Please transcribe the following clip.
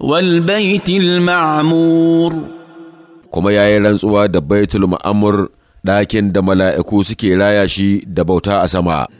والبيت Kuma ya yi rantsuwa da baitul ma'amur ɗakin da mala'iku suke raya shi da bauta a sama